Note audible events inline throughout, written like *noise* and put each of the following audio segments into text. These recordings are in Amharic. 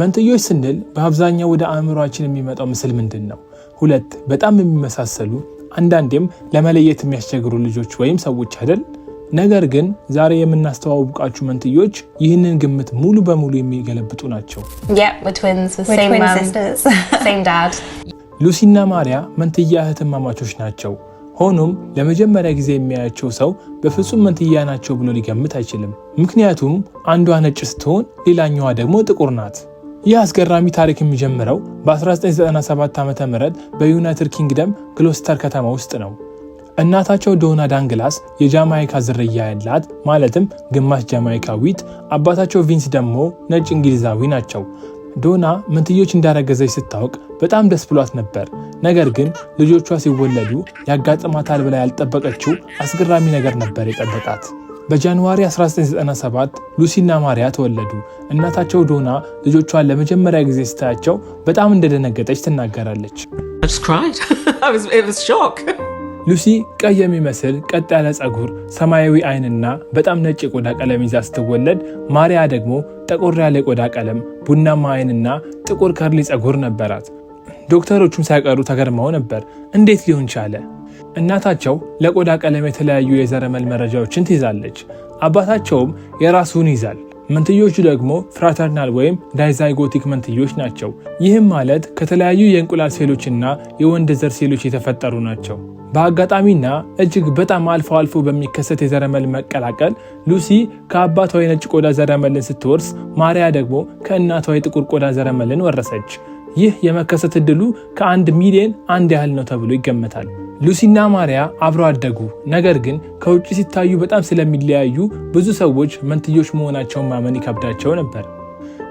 መንትዮች ስንል በአብዛኛው ወደ አእምሯችን የሚመጣው ምስል ምንድን ነው? ሁለት በጣም የሚመሳሰሉ አንዳንዴም ለመለየት የሚያስቸግሩ ልጆች ወይም ሰዎች አይደል? ነገር ግን ዛሬ የምናስተዋውቃችሁ መንትዮች ይህንን ግምት ሙሉ በሙሉ የሚገለብጡ ናቸው። *laughs* ሉሲና ማሪያ መንትያ እህትማማቾች ናቸው። ሆኖም ለመጀመሪያ ጊዜ የሚያያቸው ሰው በፍጹም መንትያ ናቸው ብሎ ሊገምት አይችልም። ምክንያቱም አንዷ ነጭ ስትሆን ሌላኛዋ ደግሞ ጥቁር ናት። ይህ አስገራሚ ታሪክ የሚጀምረው በ1997 ዓ ም በዩናይትድ ኪንግደም ግሎስተር ከተማ ውስጥ ነው። እናታቸው ዶና ዳንግላስ የጃማይካ ዝርያ ያላት ማለትም ግማሽ ጃማይካዊት፣ አባታቸው ቪንስ ደግሞ ነጭ እንግሊዛዊ ናቸው። ዶና ምንትዮች እንዳረገዘች ስታውቅ በጣም ደስ ብሏት ነበር። ነገር ግን ልጆቿ ሲወለዱ ያጋጥማታል ብላ ያልጠበቀችው አስገራሚ ነገር ነበር የጠበቃት። በጃንዋሪ 1997 ሉሲና ማሪያ ተወለዱ። እናታቸው ዶና ልጆቿን ለመጀመሪያ ጊዜ ስታያቸው በጣም እንደደነገጠች ትናገራለች። *laughs* ሉሲ ቀይ የሚመስል ቀጥ ያለ ጸጉር፣ ሰማያዊ አይንና በጣም ነጭ የቆዳ ቀለም ይዛ ስትወለድ፣ ማሪያ ደግሞ ጠቆር ያለ የቆዳ ቀለም፣ ቡናማ አይንና ጥቁር ከርሊ ጸጉር ነበራት። ዶክተሮቹም ሳይቀሩ ተገርመው ነበር። እንዴት ሊሆን ቻለ? እናታቸው ለቆዳ ቀለም የተለያዩ የዘረመል መረጃዎችን ትይዛለች። አባታቸውም የራሱን ይዛል። መንትዮቹ ደግሞ ፍራተርናል ወይም ዳይዛይጎቲክ መንትዮች ናቸው። ይህም ማለት ከተለያዩ የእንቁላል ሴሎችና የወንድ ዘር ሴሎች የተፈጠሩ ናቸው። በአጋጣሚና እጅግ በጣም አልፎ አልፎ በሚከሰት የዘረመል መቀላቀል ሉሲ ከአባቷ የነጭ ቆዳ ዘረመልን ስትወርስ፣ ማሪያ ደግሞ ከእናቷ የጥቁር ቆዳ ዘረመልን ወረሰች። ይህ የመከሰት እድሉ ከአንድ ሚሊዮን አንድ ያህል ነው ተብሎ ይገመታል። ሉሲና ማሪያ አብረው አደጉ። ነገር ግን ከውጭ ሲታዩ በጣም ስለሚለያዩ ብዙ ሰዎች መንትዮች መሆናቸውን ማመን ይከብዳቸው ነበር።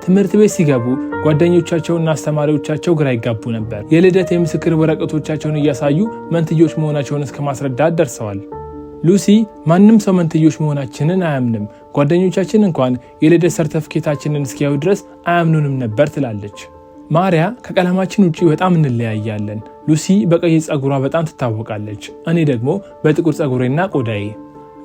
ትምህርት ቤት ሲገቡ ጓደኞቻቸውና አስተማሪዎቻቸው ግራ ይጋቡ ነበር። የልደት የምስክር ወረቀቶቻቸውን እያሳዩ መንትዮች መሆናቸውን እስከ ማስረዳት ደርሰዋል። ሉሲ ማንም ሰው መንትዮች መሆናችንን አያምንም፣ ጓደኞቻችን እንኳን የልደት ሰርተፍኬታችንን እስኪያዩ ድረስ አያምኑንም ነበር ትላለች። ማሪያ ከቀለማችን ውጪ በጣም እንለያያለን። ሉሲ በቀይ ጸጉሯ በጣም ትታወቃለች። እኔ ደግሞ በጥቁር ጸጉሬና ቆዳዬ።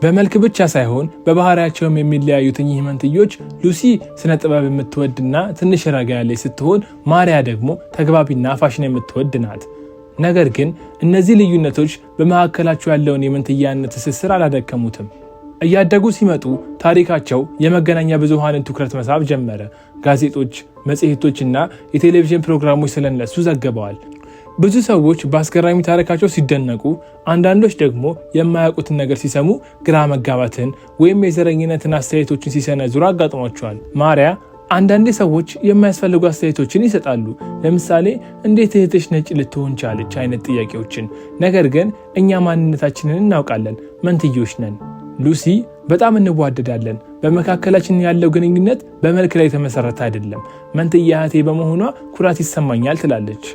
በመልክ ብቻ ሳይሆን በባህሪያቸውም የሚለያዩት እኚህ መንትዮች ሉሲ ስነ ጥበብ የምትወድና ትንሽ ረጋ ያለች ስትሆን፣ ማሪያ ደግሞ ተግባቢና ፋሽን የምትወድ ናት። ነገር ግን እነዚህ ልዩነቶች በመካከላቸው ያለውን የመንትያነት ትስስር አላደከሙትም። እያደጉ ሲመጡ ታሪካቸው የመገናኛ ብዙሃንን ትኩረት መሳብ ጀመረ። ጋዜጦች፣ መጽሔቶችና የቴሌቪዥን ፕሮግራሞች ስለነሱ ዘግበዋል። ብዙ ሰዎች በአስገራሚ ታሪካቸው ሲደነቁ፣ አንዳንዶች ደግሞ የማያውቁትን ነገር ሲሰሙ ግራ መጋባትን ወይም የዘረኝነትን አስተያየቶችን ሲሰነዙሩ አጋጥሟቸዋል። ማሪያ አንዳንዴ ሰዎች የማያስፈልጉ አስተያየቶችን ይሰጣሉ። ለምሳሌ እንዴት እህትሽ ነጭ ልትሆን ቻለች አይነት ጥያቄዎችን። ነገር ግን እኛ ማንነታችንን እናውቃለን፣ መንትዮች ነን። ሉሲ በጣም እንዋደዳለን። በመካከላችን ያለው ግንኙነት በመልክ ላይ የተመሰረተ አይደለም። መንትያ እህቴ በመሆኗ ኩራት ይሰማኛል ትላለች።